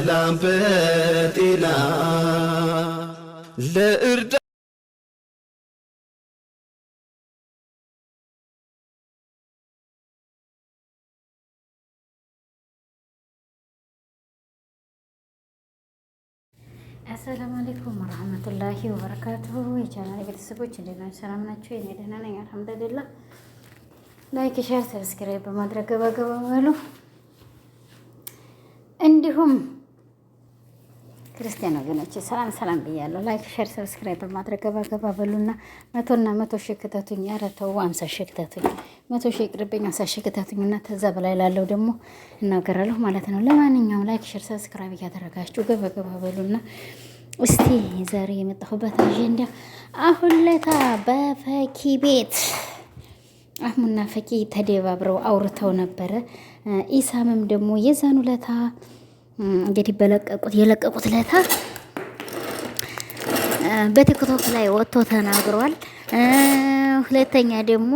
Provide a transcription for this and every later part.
በሰላም በጤና ለእርዳ አሰላሙ አለይኩም ወረህመቱላሂ ወበረካቱሁ። የቻናል ቤተሰቦች እንዴት ናችሁ? ሰላም ናቸው። እኔ ደህና ነኝ አልሐምዱሊላህ። ላይክ ሸር፣ ሰብስክራይብ በማድረግ ገባገባ በሉ። እንዲሁም ክርስቲያን ወገኖች ሰላም ሰላም ብያለሁ። ላይክ ሼር ሰብስክራይብ በማድረግ ገባ ገባ በሉና መቶና መቶ ሺህ ክተቱኝ። ኧረ ተው አምሳ ሺህ ክተቱኝ፣ መቶ ሺህ ይቅርብኝ፣ አምሳ ሺህ ክተቱኝ እና ተዛ በላይ ላለው ደግሞ እናገራለሁ ማለት ነው። ለማንኛውም ላይክ ሼር ሰብስክራይብ እያደረጋችሁ ገባ ገባ በሉና እስቲ ዛሬ የመጣሁበት አጀንዳ አሁን ለታ በፈኪ ቤት አህሙና ፈኪ ተደባብረው አውርተው ነበረ። ኢሳምም ደግሞ የዛን ለታ እንግዲህ በለቀቁት የለቀቁት ለታ በቲክቶክ ላይ ወጥቶ ተናግሯል። ሁለተኛ ደግሞ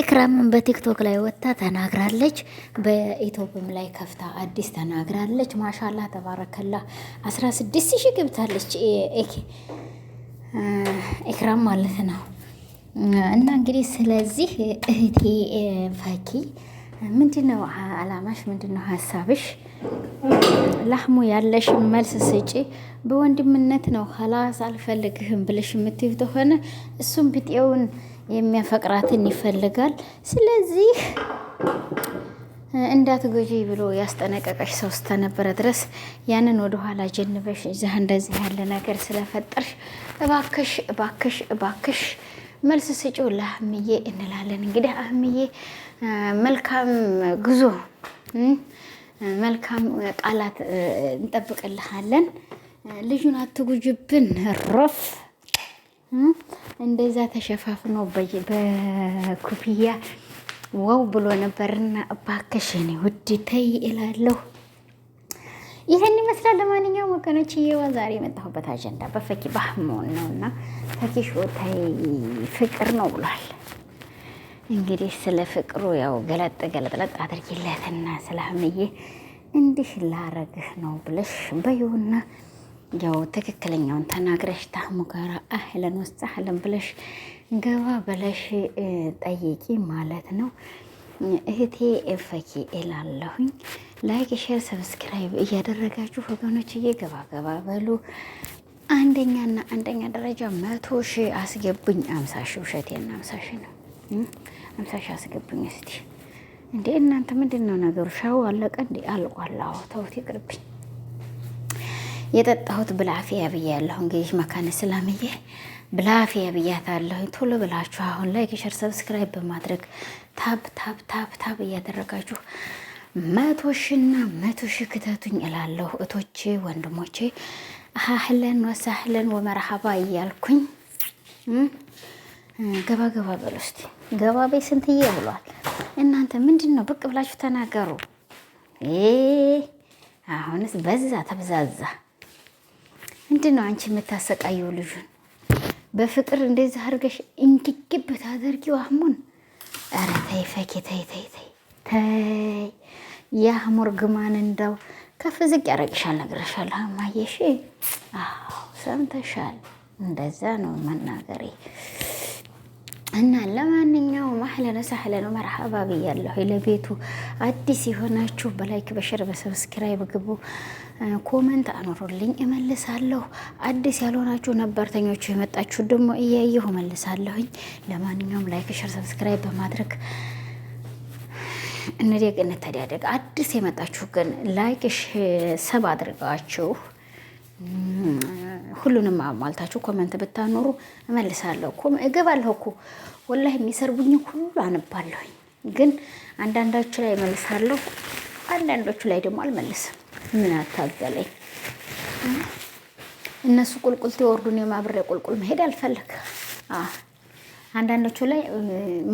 ኢክራምን በቲክቶክ ላይ ወጥታ ተናግራለች። በኢትዮጵያም ላይ ከፍታ አዲስ ተናግራለች። ማሻላ ተባረከላ 16 ሺህ ገብታለች ኢክራም ማለት ነው። እና እንግዲህ ስለዚህ እህቴ ፈኪ ምንድን ነው አላማሽ? ምንድን ነው ሀሳብሽ? ላህሙ ያለሽ መልስ ስጪ። በወንድምነት ነው ሀላስ አልፈልግህም ብለሽ የምትይው ተሆነ እሱም ብጤውን የሚያፈቅራትን ይፈልጋል። ስለዚህ እንዳትጎጂ ብሎ ያስጠነቀቀሽ ሰው እስከነበረ ድረስ ያንን ወደኋላ ጀንበሽ እዚህ እንደዚህ ያለ ነገር ስለፈጠርሽ እባክሽ እባክሽ እባክሽ መልስ ስጪው ለአህምዬ እንላለን። እንግዲህ አህምዬ መልካም ጉዞ፣ መልካም ቃላት እንጠብቅልሃለን። ልጁን አትጉጅብን ሮፍ እንደዛ ተሸፋፍኖ በኩፍያ ዋው ብሎ ነበርና እባክሽን ውድ ተይ እላለሁ። ይህን ይመስላል። ለማንኛውም ወገኖች እየዋ ዛሬ የመጣሁበት አጀንዳ በፈኪ ባህመሆን ነው እና ፈኪሽ ወታይ ፍቅር ነው ብሏል። እንግዲህ ስለ ፍቅሩ ያው ገለጥ ገለጥለጥ አድርጊለትና ስለ ሀምዬ እንዲህ ላረግህ ነው ብለሽ በይውና ያው ትክክለኛውን ተናግረሽ ታሙ ጋራ አህለን ወሰህለን ብለሽ ገባ ብለሽ ጠይቂ ማለት ነው። እህቴ ፈኪ እላለሁኝ። ላይክ፣ ሼር፣ ሰብስክራይብ እያደረጋችሁ ወገኖች እየገባገባ በሉ። አንደኛና አንደኛ ደረጃ መቶ ሺህ አስገቡኝ። አምሳ ሺህ ውሸቴና አምሳ ሺህ ነው። አምሳ ሺህ አስገቡኝ እስቲ። እንዴ እናንተ ምንድን ነው ነገሩ? ሻው አለቀ እንዴ? አልቋል። ተውት ይቅርብኝ። የጠጣሁት ብላፊያ ብያለሁ። እንግዲህ መካነ ሰላምዬ ብላፊያ ብያታለሁኝ። ቶሎ ብላችሁ አሁን ላይክ ሸር ሰብስክራይብ በማድረግ ታብ ታብ ታብ ታብ እያደረጋችሁ መቶ ሺና መቶ ሺ ክተቱኝ እላለሁ። እቶቼ ወንድሞቼ፣ አህለን ወሳህለን ወመርሃባ እያልኩኝ ገባ ገባ በል ውስጥ ገባ በይ ስንትዬ ብሏል። እናንተ ምንድን ነው ብቅ ብላችሁ ተናገሩ። አሁንስ በዛ ተብዛዛ። ምንድን ነው አንቺ የምታሰቃየው ልጁን በፍቅር እንደዚህ አድርገሽ እንግግብ ታደርጊው አህሙን ኧረ ተይ ፈኪ ተይ ተይ ተይ ተይ የአህሙር ግማን እንደው ከፍ ዝቅ ያደርግሻል። ነግረሻለሁ እማዬ። እሺ ሰምተሻል። እንደዛ ነው መናገሬ። እና ለማንኛውም አህለን ወሰህለን መርሐባ ብያለሁ። ለቤቱ አዲስ የሆናችሁ በላይክ በሸር በሰብስክራይብ ግቡ፣ ኮመንት አኖሩልኝ እመልሳለሁ። አዲስ ያልሆናችሁ ነበርተኞቹ የመጣችሁ ደግሞ እያየሁ እመልሳለሁኝ። ለማንኛውም ላይክ ሸር ሰብስክራይብ በማድረግ እንዴቅ እንተዳደግ። አዲስ የመጣችሁ ግን ላይክ ሰብ አድርገዋችሁ ሁሉንም አሟልታችሁ ኮመንት ብታኖሩ እመልሳለሁ እኮ እገባለሁ እኮ ወላሂ የሚሰርቡኝ ሁሉ አንባለሁኝ። ግን አንዳንዶቹ ላይ እመልሳለሁ፣ አንዳንዶቹ ላይ ደግሞ አልመልስም። ምን አታገለኝ። እነሱ ቁልቁል ሲወርዱን የማብሬ ቁልቁል መሄድ አልፈለግ። አንዳንዶቹ ላይ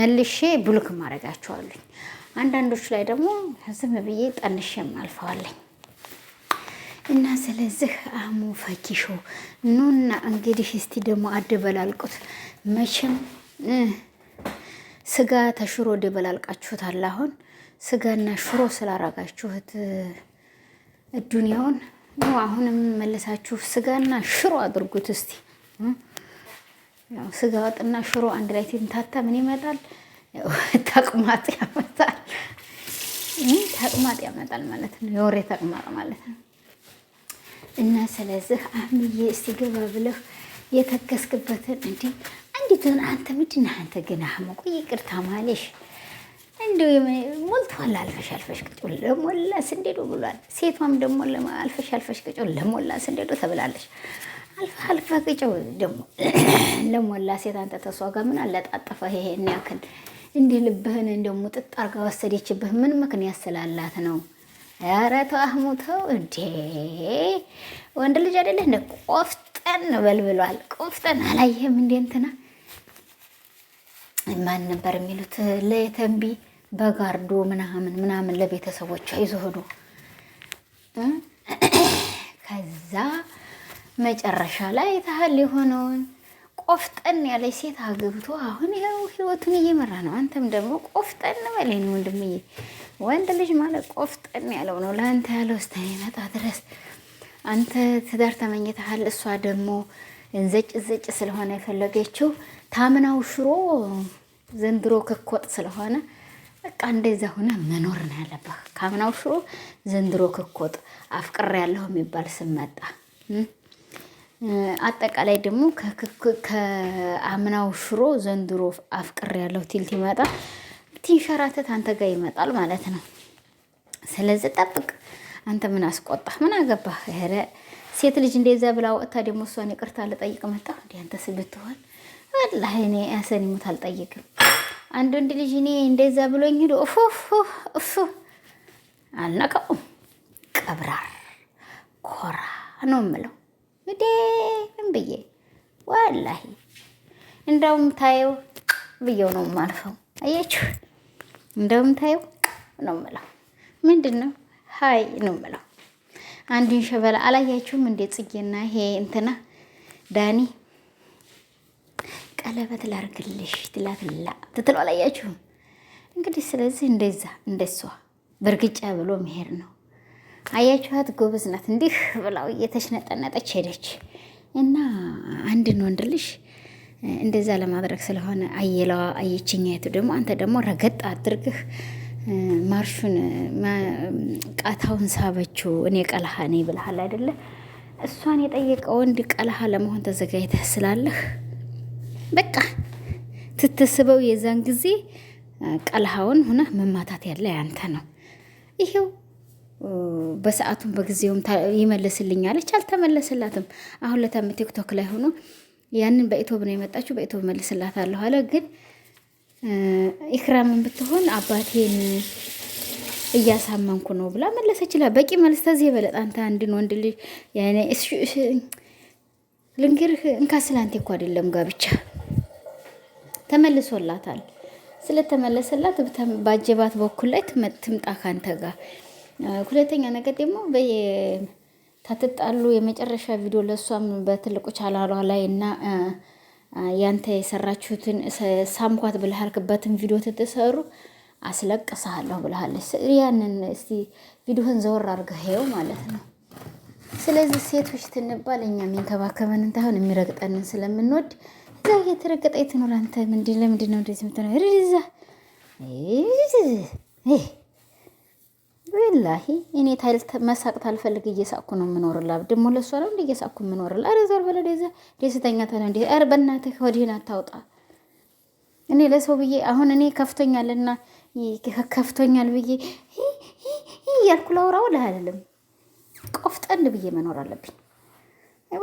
መልሼ ብሎክ ማድረጋቸዋለኝ፣ አንዳንዶቹ ላይ ደግሞ ዝም ብዬ ጠንሼም አልፈዋለኝ። እና ስለዚህ አህሙ ፈኪሾ ኑና እንግዲህ እስቲ ደግሞ አደበላልቁት መቼም ስጋ ተሽሮ ደበላልቃችሁታል። አሁን ስጋና ሽሮ ስላረጋችሁት እዱንያውን ነው። አሁንም መለሳችሁ ስጋና ሽሮ አድርጉት እስቲ። ስጋ ወጥና ሽሮ አንድ ላይ ትንታታ ምን ይመጣል? ተቅማጥ ያመጣል። ተቅማጥ ያመጣል ማለት ነው። የወሬ ተቅማጥ ማለት ነው። እና ስለዚህ አህምዬ እስቲ ገባ ብለህ የተከስክበትን እንዲ እንዲትን አንተ ምንድን አንተ ግን አህሙ ይቅርታ ማለሽ እንዲ ሞልቷል። አልፈሽ አልፈሽ ቅጮ ለሞላ ስንዴዶ ብሏል። ሴቷም ደግሞ አልፈሽ አልፈሽ ቅጮ ለሞላ ስንዴዶ ተብላለች። አልፈ አልፈ ቅጮ ደግሞ ለሞላ ሴት አንተ ተሷ ጋር ምን አለጣጠፈ ይሄን ያክል እንዲህ ልብህን እንደሙጥጥ አርጋ ወሰደችብህ ምን ምክንያት ስላላት ነው? ኧረ ተው አህሙ ተው እንዴ! ወንድ ልጅ አይደለ እንደ ቆፍጠን በልብሏል። ቆፍጠን አላየህም እንዴ? እንትና ማን ነበር የሚሉት ለየተንቢ በጋርዶ ምናምን ምናምን ለቤተሰቦቿ ይዞ ሄዱ። ከዛ መጨረሻ ላይ ታህል የሆነውን ቆፍጠን ያለች ሴት አግብቶ አሁን ይኸው ህይወቱን እየመራ ነው። አንተም ደግሞ ቆፍጠን በለኝ ወንድምዬ። ወንድ ልጅ ማለት ቆፍጠን ያለው ነው። ለአንተ ያለው እስከሚመጣ ድረስ አንተ ትዳር ተመኝተሃል። እሷ ደግሞ ዘጭ ዘጭ ስለሆነ የፈለገችው ታምናው ሽሮ ዘንድሮ ክኮጥ ስለሆነ በቃ እንደዛ ሆነ መኖር ነው ያለብህ። ካምናው ሽሮ ዘንድሮ ክኮጥ አፍቅሬያለሁ የሚባል ስመጣ አጠቃላይ ደግሞ ከአምናው ሽሮ ዘንድሮ አፍቅር ያለው ቲልት ይመጣ ቲንሸራተት አንተ ጋር ይመጣል ማለት ነው። ስለዚህ ጠብቅ። አንተ ምን አስቆጣህ? ምን አገባህ? ኧረ ሴት ልጅ እንደዛ ብላ ወጥታ ደግሞ እሷን ይቅርታ ልጠይቅ መጣ እንዲ አንተ ስብትሆን ላ እኔ ያሰን ይሙት አልጠይቅም። አንድ ወንድ ልጅ እኔ እንደዛ ብሎኝ ሄዶ እፉ እፉ አልነቀውም። ቀብራር ኮራ ነው ምለው እዴ ምን ብዬ ወላሂ እንደውም ታየው ብየው ነው የማልፈው። አያችሁ እንደውም ታየው ነው የምለው። ምንድን ነው ሀይ ነው የምለው። አንድን ሸበላ አላያችሁም እንዴ? ጽጌና ይሄ እንትና ዳኒ ቀለበት ላርግልሽ ትላትላ ትትሎ አላያችሁም? እንግዲህ ስለዚህ እንደዛ እንደሷ በእርግጫ ብሎ መሄድ ነው። አያችኋት፣ ጎበዝ ናት። እንዲህ ብላው እየተሽነጠነጠች ሄደች እና አንድን ወንድ ልጅ እንደዛ ለማድረግ ስለሆነ አየለዋ አየችኛይቱ ደግሞ አንተ ደግሞ ረገጥ አድርግህ ማርሹን ቃታውን ሳበችው። እኔ ቀልሃ ነኝ ብልሃል አይደለ? እሷን የጠየቀ ወንድ ቀልሃ ለመሆን ተዘጋጅተህ ስላለህ በቃ ትትስበው። የዛን ጊዜ ቀልሃውን ሁነህ መማታት ያለ ያንተ ነው ይሄው በሰዓቱም በጊዜውም ይመልስልኛለች። አልተመለስላትም። አሁን ለታም ቲክቶክ ላይ ሆኖ ያንን በኢትዮብ ነው የመጣችው፣ በኢትዮብ መልስላት አለሁ አለ። ግን ኢክራምን ብትሆን አባቴን እያሳመንኩ ነው ብላ መለሰ። በቂ መልስ። ተዚህ የበለጠ አንተ አንድን ወንድ ልጅ ልንገርህ፣ እንካ ስላንቴ እኮ አይደለም ጋብቻ ተመልሶላታል። ስለተመለሰላት ባጀባት በኩል ላይ ትምጣ ካንተ ጋር ሁለተኛ ነገር ደግሞ ታትጣሉ የመጨረሻ ቪዲዮ ለእሷም በትልቁ ቻላሏ ላይ እና ያንተ የሰራችሁትን ሳምኳት ብልሃልክበትን ቪዲዮ ትትሰሩ አስለቅሳለሁ ብልሃለች። ያንን እስቲ ቪዲዮህን ዘወር አድርገህ ይኸው ማለት ነው። ስለዚህ ሴቶች ትንባል እኛ የሚንከባከበን እንታይሆን የሚረግጠንን ስለምንወድ እዛ የተረገጠ የትኖር አንተ ምንድን ለምንድን ነው እንደዚህ ምትነ ብላሂ እኔ ታይል መሳቅ ታልፈልግ እየሳቅኩ ነው የምኖርላ። ደግሞ ለሷ ነው እንደ እየሳቅኩ የምኖርላ። ኧረ ዘር በለ ደዘ ደስተኛ ተነ እንደ ኧረ በእናትህ ወዲህን አታውጣ። እኔ ለሰው ብዬ አሁን እኔ ከፍቶኛልና ከፍቶኛል ብዬ እያልኩ ላውራው ልህ አይደለም። ቆፍጠን ብዬ መኖር አለብኝ።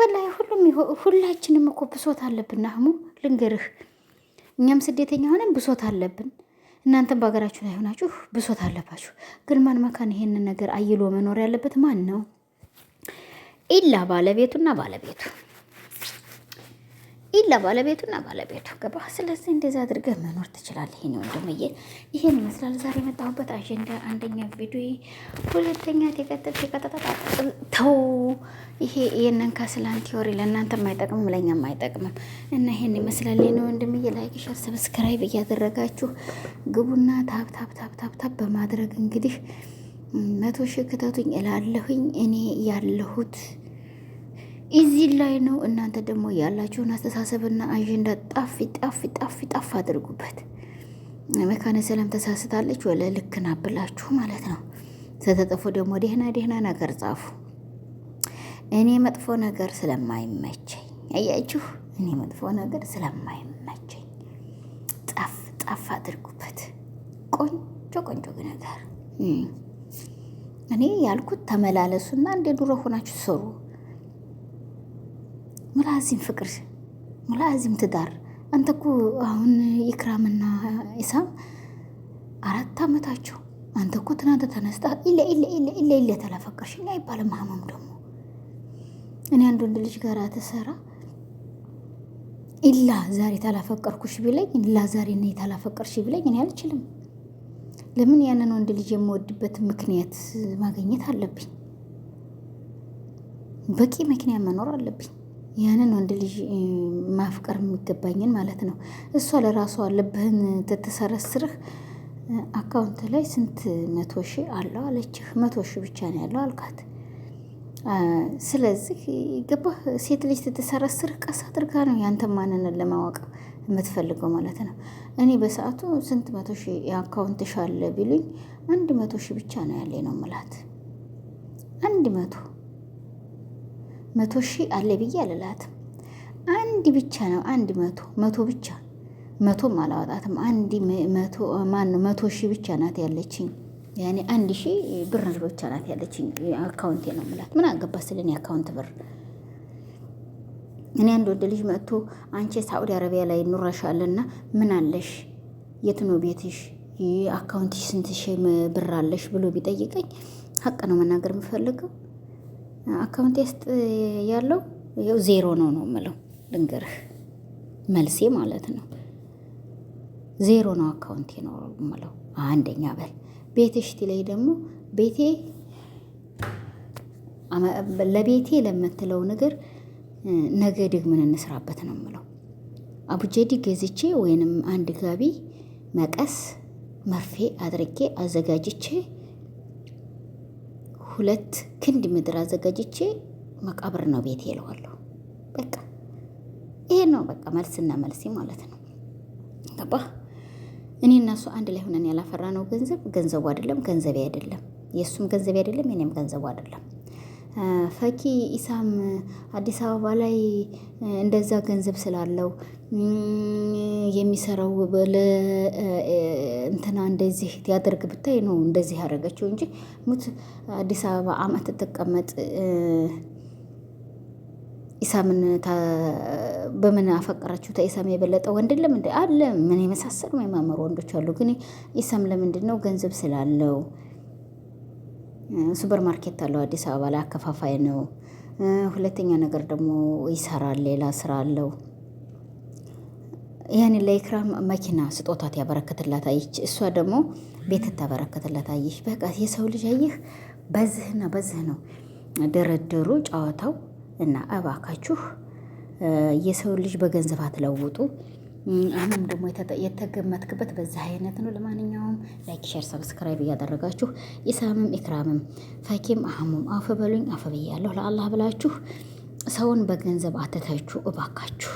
ወላሂ ሁሉም ሁላችንም እኮ ብሶት አለብን። አህሙ ልንገርህ፣ እኛም ስደተኛ ሆነን ብሶት አለብን። እናንተም በሀገራችሁ ላይ ሆናችሁ ብሶት አለባችሁ። ግን ማን መካን ይሄንን ነገር አይሎ መኖር ያለበት ማን ነው? ኢላ ባለቤቱና ባለቤቱ ኢላ ባለቤቱና ባለቤቱ ገባ። ስለዚህ እንደዚህ አድርገህ መኖር ትችላለህ። ይሄን ወንድምዬ ይሄን ይመስላል ዛሬ የመጣሁበት አጀንዳ። አንደኛ ቪዲዮ፣ ሁለተኛ ተከተል ተቀጣጣ ተው። ይሄ ይሄንን ከስላንት ቲዮሪ ለእናንተ አይጠቅምም ለኛ አይጠቅምም። እና ይሄን ይመስላል ይሄን ወንድምዬ። ላይክ፣ ሼር፣ ሰብስክራይብ እያደረጋችሁ ግቡና ታብ ታብ ታብ ታብ ታብ በማድረግ እንግዲህ መቶ ሺህ ክተቱኝ እላለሁኝ እኔ ያለሁት እዚህ ላይ ነው። እናንተ ደግሞ ያላችሁን አስተሳሰብና አጀንዳ ጣፍ ጣፍ ጣፍ ጣፍ አድርጉበት። መካነ ሰላም ተሳስታለች ወለ ልክና ብላችሁ ማለት ነው። ስተጠፉ ደግሞ ደህና ደህና ነገር ጻፉ። እኔ መጥፎ ነገር ስለማይመቸኝ አያችሁ፣ እኔ መጥፎ ነገር ስለማይመቸኝ ጣፍ ጣፍ አድርጉበት። ቆንጆ ቆንጆ ነገር እኔ ያልኩት ተመላለሱና እንደ ዱሮ ሆናችሁ ሰሩ። ሙላዚም ፍቅር፣ ሙላዚም ትዳር። አንተ እኮ አሁን ኢክራምና ኢሳም አራት ዓመታችሁ። አንተ እኮ ትናንት ተነስታ ኢለ ኢለ ኢለ ኢለ ኢለ ተላፈቀርሽ እና አይባልም። ሀመም ደግሞ እኔ አንድ ወንድ ልጅ ጋር ተሰራ ኢላ ዛሬ ተላፈቀርኩሽ ቢለኝ ኢላ ዛሬ እኔ ታላፈቀርሽ ቢለኝ እኔ አልችልም። ለምን ያንን ወንድ ልጅ የምወድበት ምክንያት ማግኘት አለብኝ። በቂ ምክንያት መኖር አለብኝ። ያንን ወንድ ልጅ ማፍቀር የሚገባኝን ማለት ነው። እሷ ለራሷ ልብህን ትተሰረስርህ አካውንት ላይ ስንት መቶ ሺህ አለው አለችህ። መቶ ሺ ብቻ ነው ያለው አልካት። ስለዚህ ገባህ፣ ሴት ልጅ ስትሰረስርህ ቀስ አድርጋ ነው ያንተ ማንነት ለማወቅ የምትፈልገው ማለት ነው። እኔ በሰዓቱ ስንት መቶ ሺ አካውንትሽ አለ ቢሉኝ አንድ መቶ ሺ ብቻ ነው ያለ ነው ምላት አንድ መቶ መቶ ሺህ አለ ብዬ አልላትም። አንድ ብቻ ነው አንድ መቶ መቶ ብቻ መቶም አላወጣትም። አንድ መቶ ማነው መቶ ሺህ ብቻ ናት ያለችኝ። ያኔ አንድ ሺህ ብር ብቻ ናት ያለችኝ አካውንቴ ነው የምላት። ምን አገባት ስለኔ አካውንት ብር እኔ አንድ ወንድ ልጅ መጥቶ አንቺ ሳዑዲ አረቢያ ላይ ኑረሻልና ምን አለሽ? የት ነው ቤትሽ? አካውንትሽ ስንት ሺህ ብር አለሽ ብሎ ቢጠይቀኝ ሀቅ ነው መናገር የምፈልገው። አካውንቴ ውስጥ ያለው ያው ዜሮ ነው ነው የምለው ልንገርህ፣ መልሴ ማለት ነው ዜሮ ነው አካውንቴ ነው የምለው። አንደኛ በል ቤትሽ ላይ ደግሞ ቤቴ ለቤቴ ለምትለው ነገር ነገ ደግመን እንስራበት ነው የምለው። አቡጀዲ ገዝቼ ወይንም አንድ ጋቢ መቀስ መርፌ አድርጌ አዘጋጅቼ ሁለት ክንድ ምድር አዘጋጅቼ መቃብር ነው ቤት ይለዋለሁ። በቃ ይሄ ነው በቃ መልስና መልሴ ማለት ነው። ገባ እኔ እና እሱ አንድ ላይ ሆነን ያላፈራ ነው ገንዘብ ገንዘቡ አይደለም ገንዘቤ አይደለም የእሱም ገንዘቤ አይደለም የኔም ገንዘቡ አይደለም። ፈኪ ኢሳም አዲስ አበባ ላይ እንደዛ ገንዘብ ስላለው የሚሰራው በለ እንትና እንደዚህ ያደርግ ብታይ ነው እንደዚህ ያደረገችው እንጂ ሙት አዲስ አበባ አመት ትቀመጥ ኢሳምን በምን አፈቀራችሁ? ተኢሳም የበለጠ ወንድ ለም አለ ምን የመሳሰሉ የማመሩ ወንዶች አሉ። ግን ኢሳም ለምንድን ነው ገንዘብ ስላለው ሱፐር ማርኬት አለው አዲስ አበባ ላይ አከፋፋይ ነው። ሁለተኛ ነገር ደግሞ ይሰራል ሌላ ስራ አለው። ያን ለኢክራም መኪና ስጦታት ያበረከትላት አየች እሷ ደግሞ ቤት ታበረከትላት አየች በቃ የሰው ልጅ አየህ በዝህና በዝህ ነው። ድርድሩ ጨዋታው እና እባካችሁ የሰው ልጅ በገንዘብ አትለውጡ አሁንም ደግሞ የተገመትክበት በዚህ አይነት ነው። ለማንኛውም ላይክ፣ ሼር፣ ሰብስክራይብ እያደረጋችሁ ኢሳምም ኢክራምም ፈኪም አህሙም አፈበሉኝ አፈብያለሁ ለአላህ ብላችሁ ሰውን በገንዘብ አተታችሁ እባካችሁ።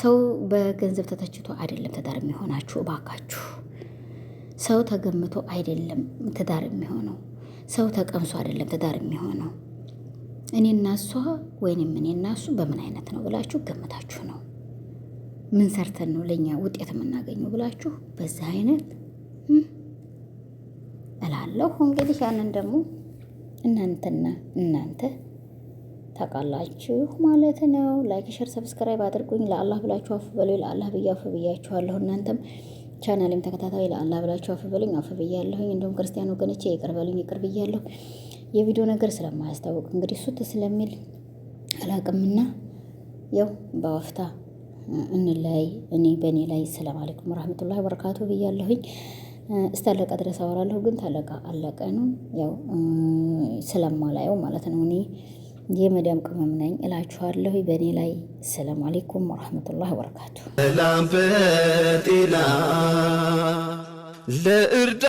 ሰው በገንዘብ ተተችቶ አይደለም ትዳር የሚሆናችሁ እባካችሁ። ሰው ተገምቶ አይደለም ትዳር የሚሆነው። ሰው ተቀምሶ አይደለም ትዳር የሚሆነው። እኔ እና እሷ ወይንም እኔ እና እሱ በምን አይነት ነው ብላችሁ ገምታችሁ ነው ምን ሰርተን ነው ለእኛ ውጤት የምናገኘው ብላችሁ በዛ አይነት እላለሁ። እንግዲህ ያንን ደግሞ እናንተና እናንተ ታውቃላችሁ ማለት ነው። ላይክ፣ ሸር፣ ሰብስክራይብ አድርጉኝ። ለአላህ ብላችሁ አፍ በሉ። ለአላህ ብዬ አፍ ብያችኋለሁ። እናንተም ቻናሌም ተከታታይ ለአላህ ብላችሁ አፍ በሉኝ፣ አፍ ብያለሁኝ። እንዲሁም ክርስቲያን ወገኖቼ ይቅር በሉኝ፣ ይቅር ብያለሁ። የቪዲዮ ነገር ስለማያስታውቅ እንግዲህ ሱት ስለሚል አላቅምና ያው በወፍታ እንለያይ እኔ በእኔ ላይ ሰላም አለይኩም ወራህመቱላሂ ወበረካቱ ብያለሁኝ። እስታለቃ ድረስ አወራለሁ ግን ታለቃ አለቀ ነው ያው ስለማላየው ማለት ነው። እኔ የመዳም ቅመም ነኝ እላችኋለሁ። በእኔ ላይ ሰላም አለይኩም ወራህመቱላሂ ወበረካቱ።